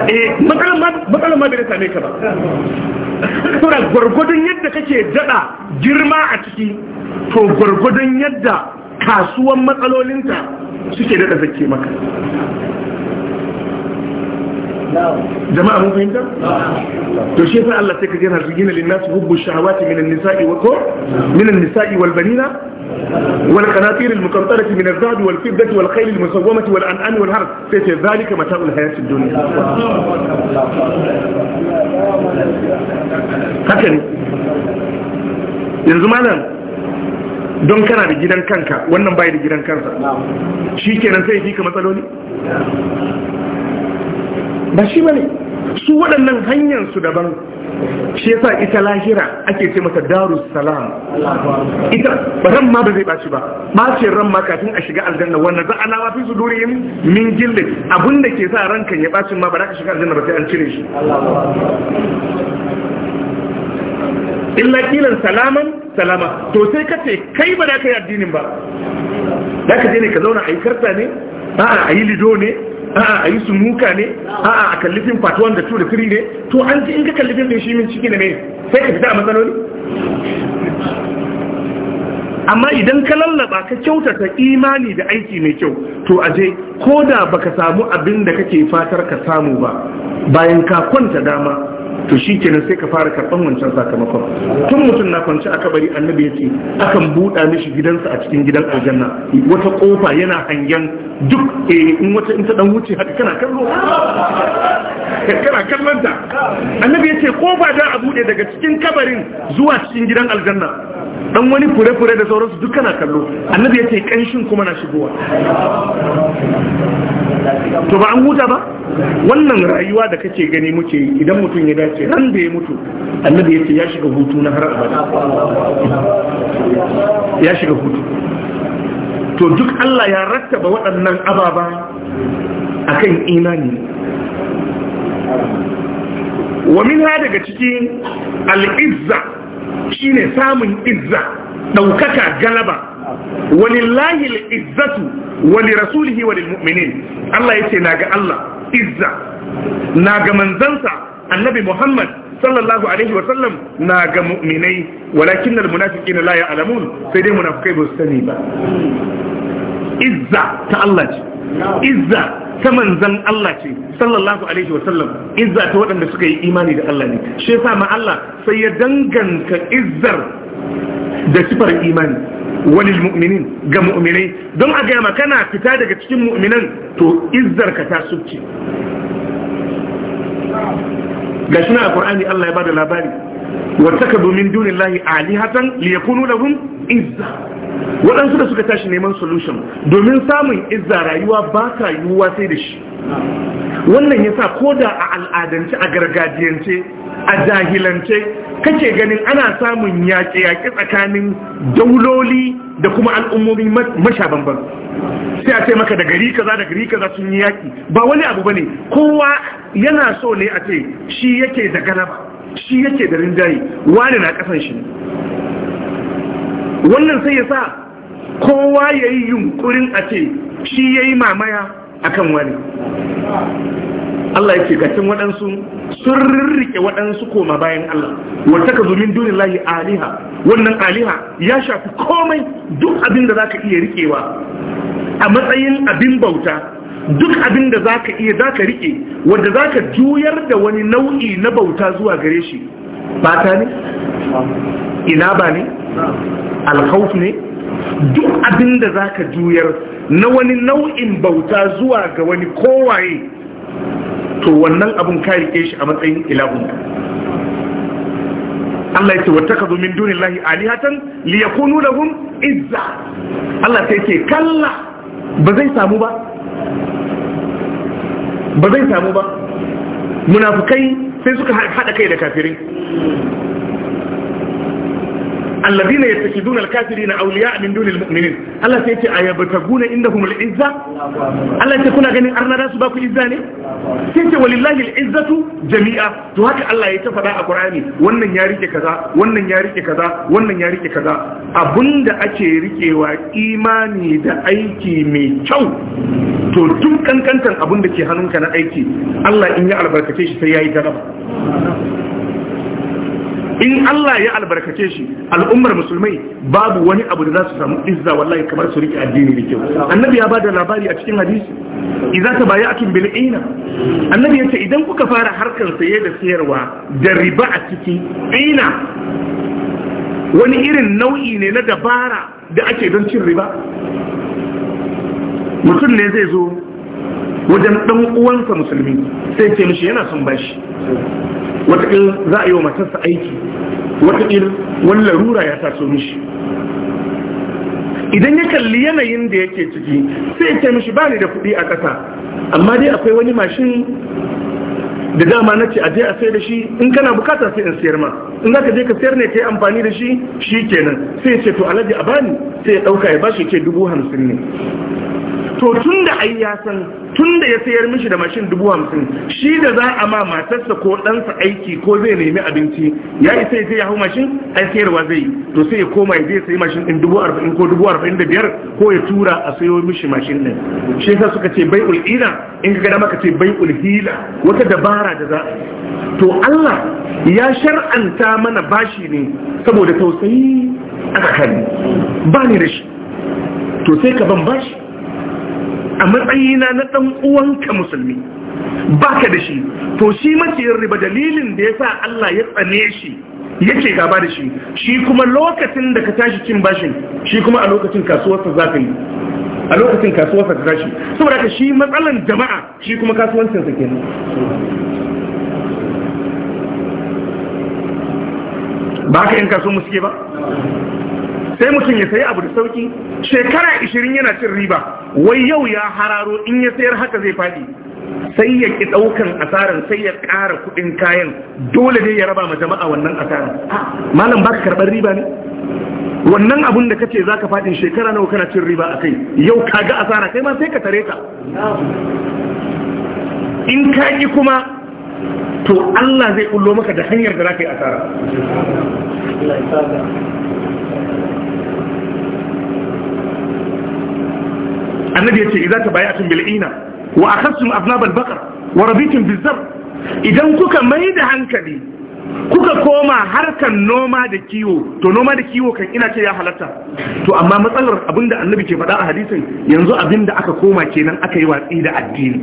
eh matsalar ma bai same ka ba saboda gwargwadon yadda kake daɗa girma a ciki to gwargwadon yadda kasuwan matsalolinta suke daɗa zake maka جماعه مو فهمت؟ تشيفا الله تكجن الرجين للناس هب الشهوات من النساء وكو من النساء والبنين والقناطير المقنطرة من الذهب والفضة والخيل المصومة والأنعام والهرس تيتي ذلك متاع الحياة الدنيا هكذا yanzu malam don kana da gidan kanka wannan bai da gidan kansa shi kenan sai fi matsaloli ba shi ba ne su waɗannan hanyar su daban shi yasa ita lahira ake ce mata darus salam ita ba ran ma ba zai ɓaci ba ce ran ma kafin a shiga aljanna wannan za a lawa fi su yin min gilli abinda ke sa ran kan ya ɓaci ma ba za ka shiga aljanna ba sai an cire shi illa kilan salaman salama to sai ka ce kai ba za ka yi addinin ba za ka je ne ka zauna a yi karta ne a'a a yi lido ne a'a a yi muka ne a'a a kallifin fim part 1 da 2 da 3 ne to an ji in ka kalli fim shi min ciki ne mai sai ka fita a matsaloli amma idan ka lallaba ka kyautata imani da aiki mai kyau to aje ko da baka samu abin da kake fatar ka samu ba bayan ka kwanta dama to shi kenan sai ka fara karɓan wancan sakamakon tun mutum na kwanci a kabari annabi ya ce akan buɗa mishi gidansa a cikin gidan aljanna wata kofa yana hangen duk e in wata in ta dan wuce haka kana kallo kana kallon ta annabi ya ce kofa da a buɗe daga cikin kabarin zuwa cikin gidan aljanna dan wani fure-fure da sauransu duk kana kallo annabi ya ce kanshin kuma na shigowa to ba an huta ba wannan rayuwa da kake gani muke idan mutum ya dace ran da ya mutu annabi ya ce ya shiga hutu na har abada ya shiga hutu to duk Allah ya rattaba waɗannan ababa akan imani wa ha daga ciki al-izza shine samun izza daukaka galaba walillahi al-izzatu wa rasulihi wa mu'minin Allah yace na ga Allah izza na ga manzansa annabi muhammad sallallahu alaihi wa sallam na ga mu'minai walakin almunafiqina la ya'lamun sai dai munafikai ba su sani ba izza ta Allah ce izza ta manzan Allah ce sallallahu alaihi wa sallam izza ta waɗanda suka yi imani da Allah ne shi sa ma Allah sai ya danganta izzar da sifar imani wani mu'minin ga mu'minai don a gama kana fita daga cikin mu'minan to izzar ka ta suke ga shi na alkur'ani Allah ya ba da labari wata ka domin dunin lahi alihatan liyakunu lahum izza waɗansu da suka tashi neman solution domin samun izza rayuwa ba ka yiwuwa sai da shi wannan yasa ko da a al'adance a gargajiyance a jahilance kake ganin ana samun yaƙe-yaƙe tsakanin dauloli da kuma al'ummomi mashabamban sai a ce maka da gari kaza da gari kaza sun yi yaƙi ba wani abu ba ne. kowa yana so ne a ce shi yake da galaba shi yake da rinjaye wani na kasan shi wannan sai ya sa kowa ya yi yunkurin a ce shi ya yi mamaya a kan wani Allah ya ce kacin waɗansu sun rirriƙe waɗansu koma bayan Allah wata ka zumin dunin lahi aliha wannan aliha ya shafi komai duk abin da za ka iya riƙewa a matsayin abin bauta duk abin da za ka iya za ka riƙe wadda za ka juyar da wani nau'i na bauta zuwa gare shi ba ta ne? ina ba ne? alkhawf ne duk abin da zaka juyar na wani nau'in bauta zuwa ga wani kowaye to wannan abun ka rike shi a matsayin ilahun Allah ka wattakazu min dunillahi alihatan liyakunu lahum izza Allah sai yake kalla ba zai samu ba ba zai samu ba munafukai sai suka haɗa kai da kafirin. Allah yattakhiduna al a awliya min duni al-mu'minin Allah sai yace ayabtaguna indahum Allah sai kuna ganin arna su ba ku izza ne sai yace walillahi al jami'a to haka Allah ya ta a Qur'ani wannan ya rike kaza wannan ya rike kaza wannan ya rike kaza abinda ake rikewa imani da aiki mai kyau to duk kankantan abin da ke hannunka na aiki Allah in ya albarkace shi sai yayi jaraba in Allah ya albarkace shi al'ummar musulmai babu wani abu da za su samu izza wallahi kamar su rike addini da kyau annabi ya bada labari a cikin hadisi idza tabaya'tum bil ina annabi yace idan kuka fara harkar saye da sayarwa da riba a ciki ina wani irin nau'i ne na dabara da ake don cin riba mutum ne zai zo wajen dan uwansa musulmi sai ce mishi yana son bashi wata za a yi wa matarsa aiki wataƙil wani larura ya taso mishi idan ya kalli yanayin da yake ciki sai ce mishi ba ni da kuɗi a ƙasa amma dai akwai wani mashin da dama na ce aje a sai da shi in kana bukata sai in sayar ma in za ka je ka sayar ne ka yi amfani da shi shi kenan sai ce to alaji a bani sai ya ɗauka ya bashi ce dubu hamsin ne to tun da ai ya san tun da ya sayar mishi da mashin dubu hamsin shi da za a ma matarsa ko ɗansa aiki ko zai nemi abinci ya yi sai ya hau mashin ai sayarwa zai yi to sai ya koma zai sayi mashin ɗin dubu arba'in ko dubu arba'in da biyar ko ya tura a sayo mishi mashin ɗin shi yasa suka ce bai ul’ila, in ka gada maka ce bai ul'hila wata dabara da za to Allah ya shar'anta mana bashi ne saboda tausayi aka tsakani ba ni da shi to sai ka ban bashi a matsayina na ɗan uwanka musulmi ba ka da shi to shi maciyin riba dalilin da ya sa Allah ya tsane shi yake gaba da shi shi kuma lokacin da ka tashi cin bashin shi kuma a lokacin kasuwarsa za ka yi a lokacin kasuwarsa ka tashi saboda ka shi matsalan jama'a shi kuma kasuwancinsa kenan ba ka yan kasuwa suke ba sai mutum ya sayi abu da sauki shekara 20 yana cin riba wai yau ya hararo in ya sayar haka zai faɗi sai ya ki ɗaukan asarin, sai ya ƙara kuɗin kayan dole dai ya raba ma jama'a wannan asaran ah, malam baka karɓar riba ne wannan abun da kace zaka faɗin shekara nawa kana cin riba akai yau ka ga asara kai ma sai ka tare ka in ka ki kuma to Allah zai kullo maka da hanyar da zaka yi asara annabi yace idza zata bil ina wa akhadtum aznab al baqar wa rabitum biz zar idan kuka mai da hankali kuka koma harkan noma da kiwo to noma da kiwo kan ina ce ya halatta to amma matsalar abinda annabi ke faɗa a hadisin yanzu abinda aka koma kenan aka yi watsi da addini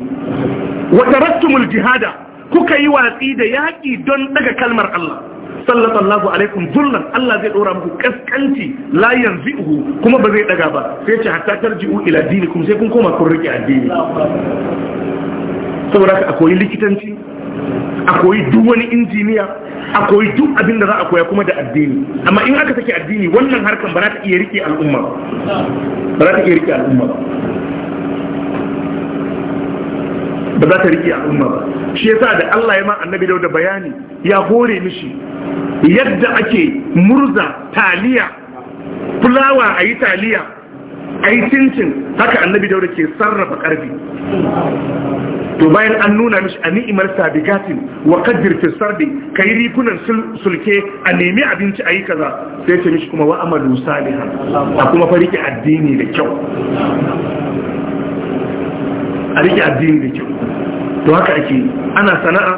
wa tarattumul jihada kuka yi watsi da yaƙi don daga kalmar Allah sallata Allahu alaikum zullan Allah zai dora muku kaskanci la yanzihu kuma ba zai daga ba sai ce hatta tarji'u ila dinikum sai kun koma kun rike addini saboda ka akwai likitanci akwai duk wani injiniya akwai duk abin da za a koya kuma da addini amma in aka sake addini wannan harkan ba za ta iya rike al'umma ba za ta iya rike al'umma ba za ta riƙe al'umma ba shi yasa da Allah ya ma annabi da bayani ya hore mishi yadda ake murza taliya fulawa a yi taliya a yi cincin haka annabi da ke sarrafa ƙarfi to bayan an nuna mishi a ni'imar sabigatin wa kaddir fi sardi kai rikunan sulke a nemi abinci a yi kaza sai ce mishi kuma wa amalu salihan a kuma farike addini da kyau a rike addini da kyau to haka ake ana sana'a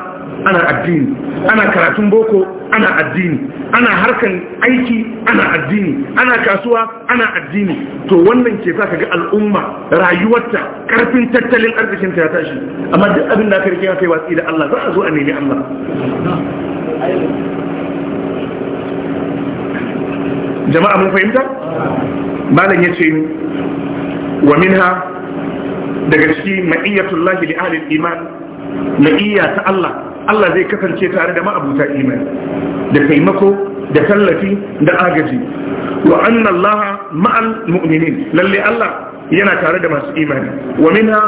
ana addini ana karatun boko ana addini ana harkan aiki ana addini ana kasuwa ana addini to wannan ke sa ga al'umma rayuwarta karfin tattalin arzikin ta ya tashi amma duk abin da aka rike kai watsi da Allah za a zo a nemi Allah jama'a mun fahimta malam yace wa minha daga ciki ma'iyyatullahi li ahli iman ma'iyya ta Allah Allah zai kasance tare da ma'abuta imani da taimako da tallafi da agaji wa anna Allah ma'al mu'minin lalle Allah yana tare da masu imani wa minha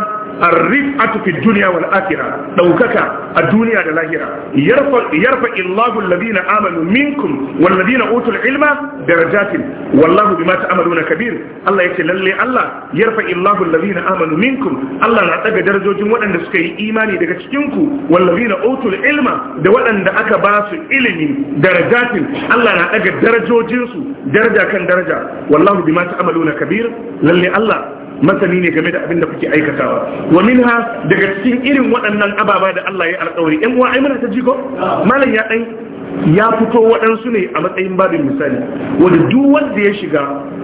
الرفعة في الدنيا والآخرة دوكك الدنيا والآخرة يرفع, يرفع الله الذين آمنوا منكم والذين أوتوا العلم درجات والله بما تعملون كبير الله يتللي الله يرفع الله الذين آمنوا منكم الله نعتقد درجوج وأن سكي إيماني دكتشنكو والذين أوتوا العلم وأن أكباس إلمي درجات الله نعتقد درجوجنسو درجة كان درجة والله بما تعملون كبير للي الله masani ne game da abin da kuke aikatawa wa minha daga cikin irin waɗannan ababa da Allah ya alƙawari ɗan uwa ai muna ta ji jiko malam ya ɗan ya fito waɗansu ne a matsayin babin misali wanda duk wanda ya shiga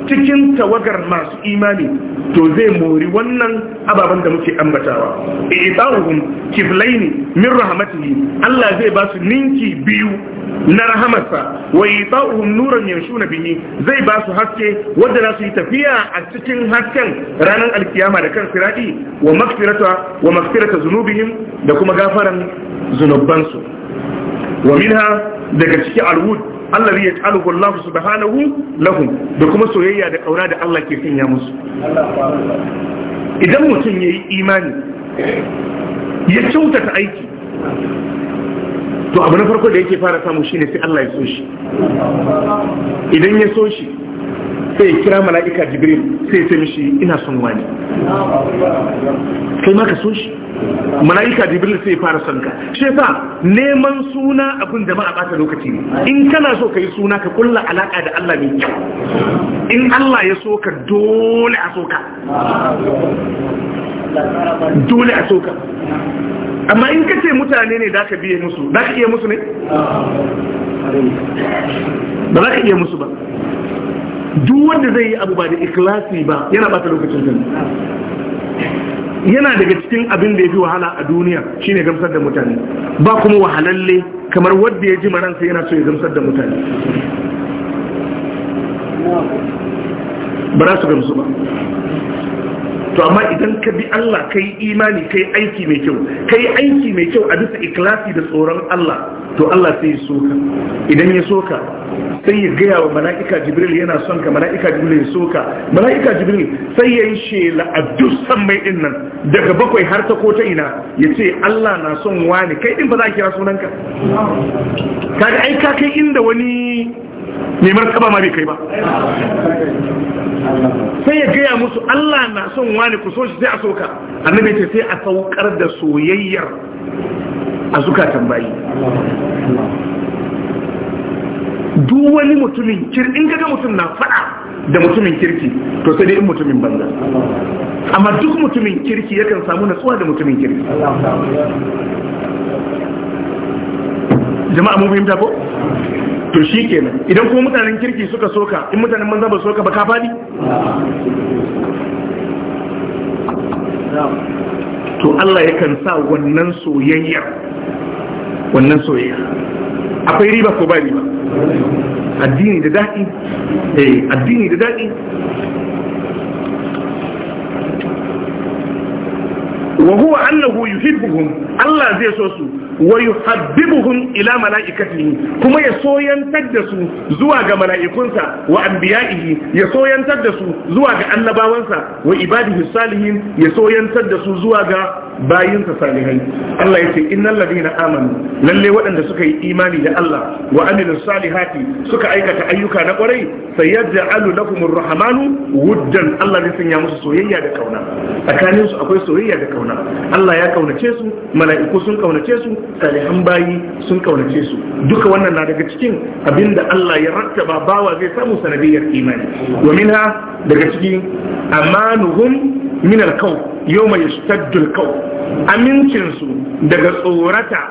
cikin tawagar masu imani to zai mori wannan ababen da muke ambatawa idahuhum kiflaini min rahmatihi Allah zai ba su ninki biyu na rahamarsa wa idahuhum nuran yamshuna bihi zai ba su haske wanda za su yi tafiya a cikin hasken ranar alkiyama da kan siradi wa maghfirata wa maghfirata zunubihim da kuma gafaran zunubansu wa minha daga ciki alwud Allah ya ta'aluhu Allah subhanahu lahum da kuma soyayya da kauna da Allah ke sanya musu idan mutum yayi imani ya kyautata aiki to abu na farko da yake fara samu shine sai Allah ya so shi idan ya so shi sai ya kira mala'ika jibril sai ya ce mishi ina son wani kai ma ka so shi mala'ika jibril sai ya fara son ka shi yasa neman suna abin da ma a bata lokaci ne in kana so ka yi suna ka kulla alaka da Allah ne in Allah ya so ka dole a so ka dole a so ka amma in ka ce mutane ne da ka biye musu da ka iya musu ne ba za ka iya musu ba duk wanda zai yi abu ba da ikilasi ba yana bata lokacin sun yana daga cikin abin da ya fi wahala a duniya shine gamsar da mutane ba kuma wahalalle kamar wadda ya ji maransa yana so ya gamsar da mutane ba za su gamsu ba to amma idan ka bi Allah kai imani kai aiki mai kyau kai aiki mai kyau a bisa ikilasi da tsoron Allah to Allah sai ya soka idan ya soka sai ya gaya wa mala'ika Jibril yana son ka mala'ika Jibril ya soka mala'ika Jibril sai ya yi shela a duk mai din nan daga bakwai har ta ko ta ina ya ce Allah na son wani kai din ba za a kira sunanka kaga ai ka kai inda wani mai martaba ma bai kai ba sai ya gaya musu Allah na son wani ku so shi sai a soka annabi ce sai a saukar da soyayyar a zukatan bayi duk wani mutumin kirki in kaga mutum na fada da mutumin kirki to sai dai in mutumin banza amma duk mutumin kirki yakan samu natsuwa da mutumin kirki jama'a mun fahimta ko to shi kenan idan kuma mutanen kirki suka soka in mutanen manzan ba soka ba ka fadi to Allah yakan sa wannan soyayya wannan soyayya akwai riba ko ba riba addini da daɗi eh addini da daɗi Wahuwa huwa annahu yuhibbuhum Allah zai so su wa buhun ila malaikatihi kuma ya soyantar da su zuwa ga mala'ikunsa wa anbiya'ihi ya soyantar da su zuwa ga annabawansa wa ibadihi salihin ya soyantar da su zuwa ga bayinsa salihai Allah ya ce innal ladina amanu lalle waɗanda suka yi imani da Allah wa amilus salihati suka aikata ayyuka na kwarai sayaj'alu lahumur rahmanu wuddan Allah zai sanya musu soyayya da kauna tsakanin su akwai soyayya da kauna Allah ya kaunace su mala'iku sun kaunace su salihan bayi sun kaunace su duka wannan na daga cikin abinda Allah ya rattaba bawa zai samu sanadiyar imani wa minha daga cikin amanuhum min al yau mai staddul kau amincinsu daga tsorata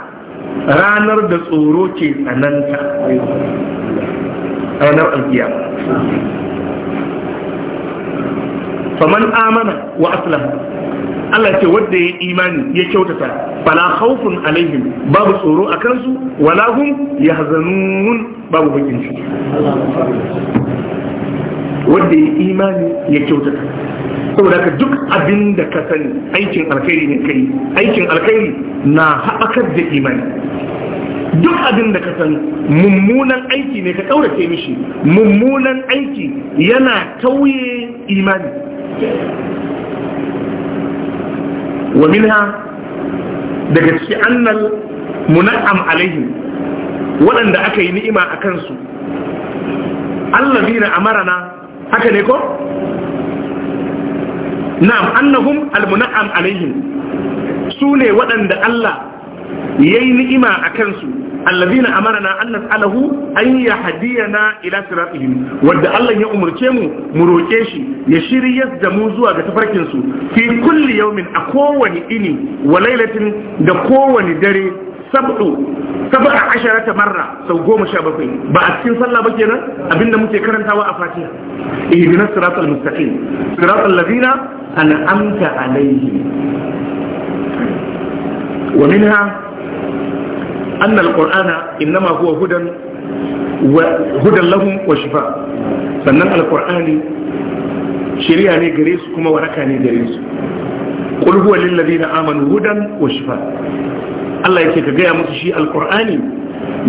ranar da tsoro ke tsananta ranar alkiya faman amana wa aslama Allah ce wadda ya imani ya kyautata fala khawfun alaihim babu tsoro a kansu wala hum yahzanun babu bakin shi. wadda ya imani ya kyautata saboda ka duk abin da ka sani aikin alkhairi ne kai aikin alkhairi na haɓakar da imani duk abin da ka sani mummunan aiki ne ka ƙaurace mishi mummunan aiki yana tauye imani wa minha daga ciki annal muna'am alaihim waɗanda aka yi ni'ima a kansu allazina amarana haka ne ko na'am annahum almun'am alaihim su ne waɗanda Allah yayi ni'ima a kansu amara na an nas'alahu an yahdiyana ila siratihim wadda Allah ya umurce mu mu roke shi ya shirya da mu zuwa ga tafarkin su fi kulli yawmin a kowani ini wa lailatin da kowani dare sab'u sab'a asharata marra sau goma sha bakwai ba a cikin sallah ba kenan abinda muke karantawa a fatiha ihdinas siratal mustaqim siratal ladina an'amta wa wa minha anna alqur'ana huwa hudan hudan lahum wa shifa sannan alqur'ani shari'a ne gare su kuma waraka ne gare su qul huwa lil ladina amanu hudan wa shifa Allah yake ka gaya musu shi alkur'ani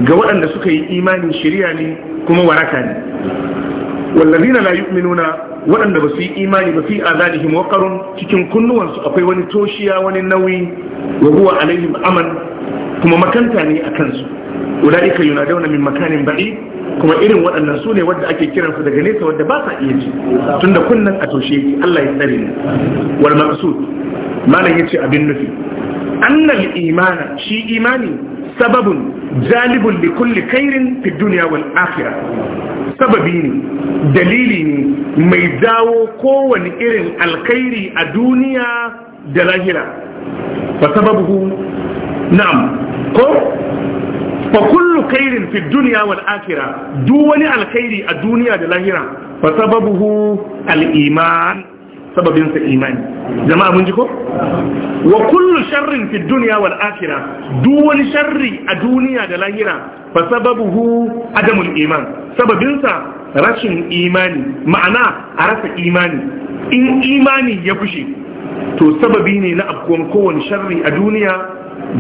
ga waɗanda suka yi imani shiriya ne kuma waraka ne wallazina la yu'minuna waɗanda ba su yi imani ba fi azanihim waqarun cikin kunnuwansu akwai wani toshiya wani nauyi wa huwa alaihim aman kuma makanta ne a kansu ulaika yunadawna min makanin ba'i kuma irin waɗannan su ne wadda ake kiransu daga nesa wadda ba sa iya ji tunda kunnan a toshe yake Allah ya tsare ni wal maqsud malam yace abin nufi annal imana shi imani sababun jalibun li kulli khairin fi dunya Sababini dalili ne mai dawo kowane irin alkhairi a duniya da lahira fa sababu na'am ko fa kullu khairin fi dunya wal akhirah duk wani alkhairi a duniya da lahira fa sababu al iman sababin sa imani jama'a mun ji ko wa kullu sharrin fi dunya wal akhirah duk wani sharri a duniya da lahira fa sababuhu adamul iman sababin sa rashin imani ma'ana a rasa imani in imani ya fushi to sababi ne na afkuwan kowane sharri a duniya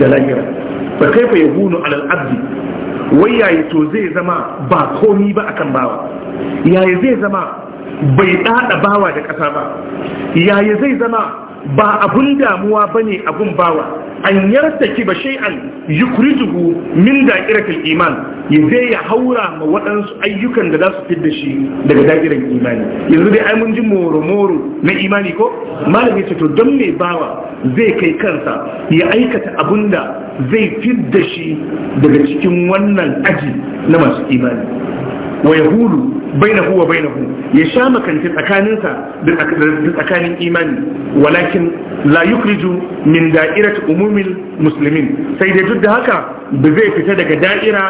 da lahira fa kaifa yakunu alal abdi wai yayi to zai zama ba komi ba akan bawa Yaya zai zama bai ɗaɗa bawa da ƙasa ba yaya zai zama ba abun damuwa bane abun bawa an yarda ki ba shay'an yukrijuhu min da'iratul iman ya zai ya haura ma waɗansu ayyukan da za su da shi daga da'irar imani yanzu dai ai mun ji moro moro na imani ko malami ce to don me bawa zai kai kansa ya aikata abunda da zai da shi daga cikin wannan aji na masu imani wa yahulu bainahu wa bainahu ya sha makanci tsakaninsa da tsakanin imani walakin la yukriju min da'irat umumin muslimin sai dai duk da haka ba zai fita daga da'ira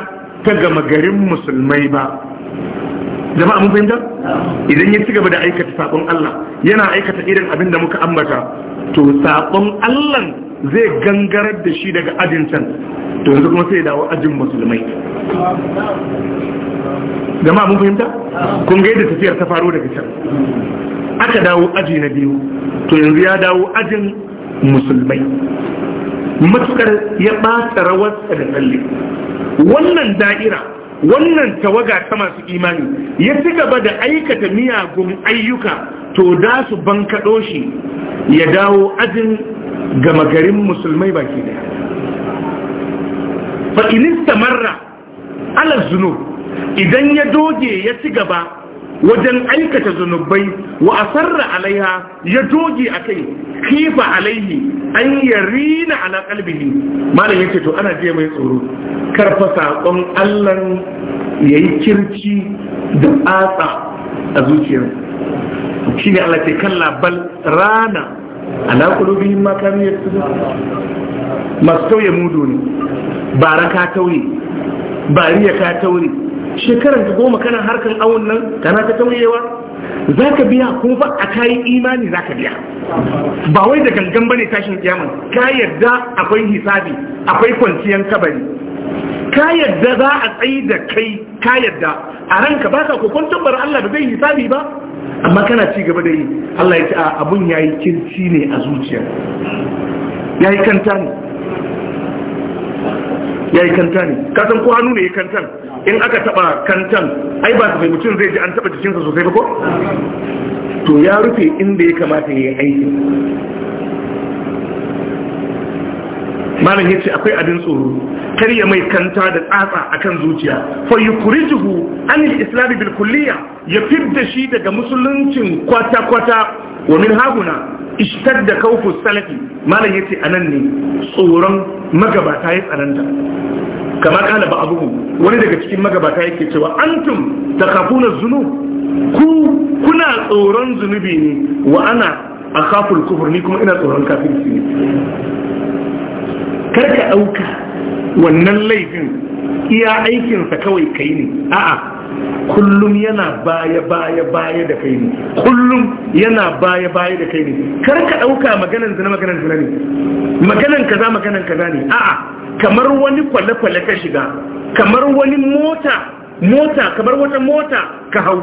ta gama garin musulmai ba jama'a mun fahimta idan ya ci gaba da aikata sabon Allah yana aikata irin abin da muka ambata to sabon Allah zai gangarar da shi daga ajin can to yanzu kuma sai dawo ajin musulmai Gama mun fahimta kun ga yadda tafiyar ta faro daga can aka dawo aji na biyu to yanzu ya dawo ajin musulmai matukar ya ɓata rawarsa da tsalle wannan da'ira wannan tawaga ta masu imani ya ci gaba da aikata miyagun ayyuka to da su bankaɗo shi ya dawo ajin gama garin musulmai baki daya fa'ilista marra ala zunub idan ya doge ya ci gaba wajen aikata zunubai wa asarra alaiha ya doge a kai kifa alaihi an yarina ala kalbihi malam yake to ana je mai tsoro karfa saƙon allan ya yi kirci da tsatsa a zuciyar shi ne allah ce kalla bal rana ala kulubihim ma kanu masu tauye mudu ne bara ka tauye bariya ka taure shekarar ta goma kana harkan awon nan kana ta taurewa za ka biya kuma fa a kayi imani za ka biya ba wai da gangan bane tashin kiyaman ka yarda akwai hisabi akwai kwanciyan kabari ka yarda za a tsayi da kai ka yarda a ranka ba ka kokon tabbar Allah da zai hisabi ba amma kana ci gaba da yi Allah ya ce abun yayi kirci ne a zuciya yayi kanta ne ya yi kanta ne kasan ko hannu ne ya kanta in aka taba kantan ai ba sai mutum zai ji an taba jikinsa sosai ba ko to ya rufe inda ya kamata ya yi aiki malam ya ce akwai abin tsoro Karya mai kanta da tsatsa akan zuciya fa yukrijuhu an al-islam bil kulliya ya fidda shi daga musuluncin kwata kwata wa min haguna ishtadda kawfu salafi malam yace anan ne tsoron magabata ya tsananta kama kala ba wani daga cikin magabata yake cewa antum takafuna zunub ku kuna tsoron zunubi ne wa ana akhaful kufur ni kuma ina tsoron kafirci ne kar ka dauka wannan laifin iya aikinsa kawai kai ne a'a kullum yana baya baya baya da kai ne kullum yana baya baya da kai ne kar ka ɗauka maganan zina maganan zina ne maganan kaza maganan kaza ne a'a kamar wani kwale-kwale ka shiga kamar wani mota mota kamar wata mota ka hau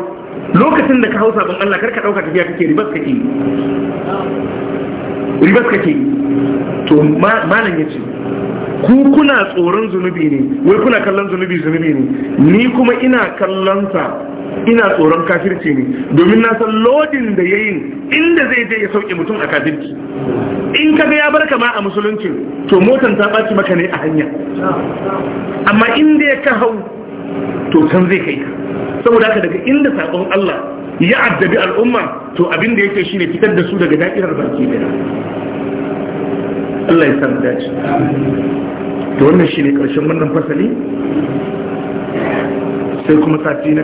lokacin da ka hau sabon Allah kar ka ɗauka tafiya kake ribas kake ribas kake to malam ya ce ku kuna tsoron zunubi ne wai kuna kallon zunubi zunubi ne ni kuma ina kallon sa ina tsoron kafirci ne domin na san lodin da yayin inda zai je ya sauke mutum a kafirci in kaga ya bar kama a musulunci to motan ta baci maka ne a hanya amma inda ya ka hau to kan zai kai ka saboda haka daga inda sakon Allah ya addabi al'umma to abin da yake shine fitar da su daga da'irar baki daya Allah ya san dace to wannan shine karshen wannan fasali sai kuma sati na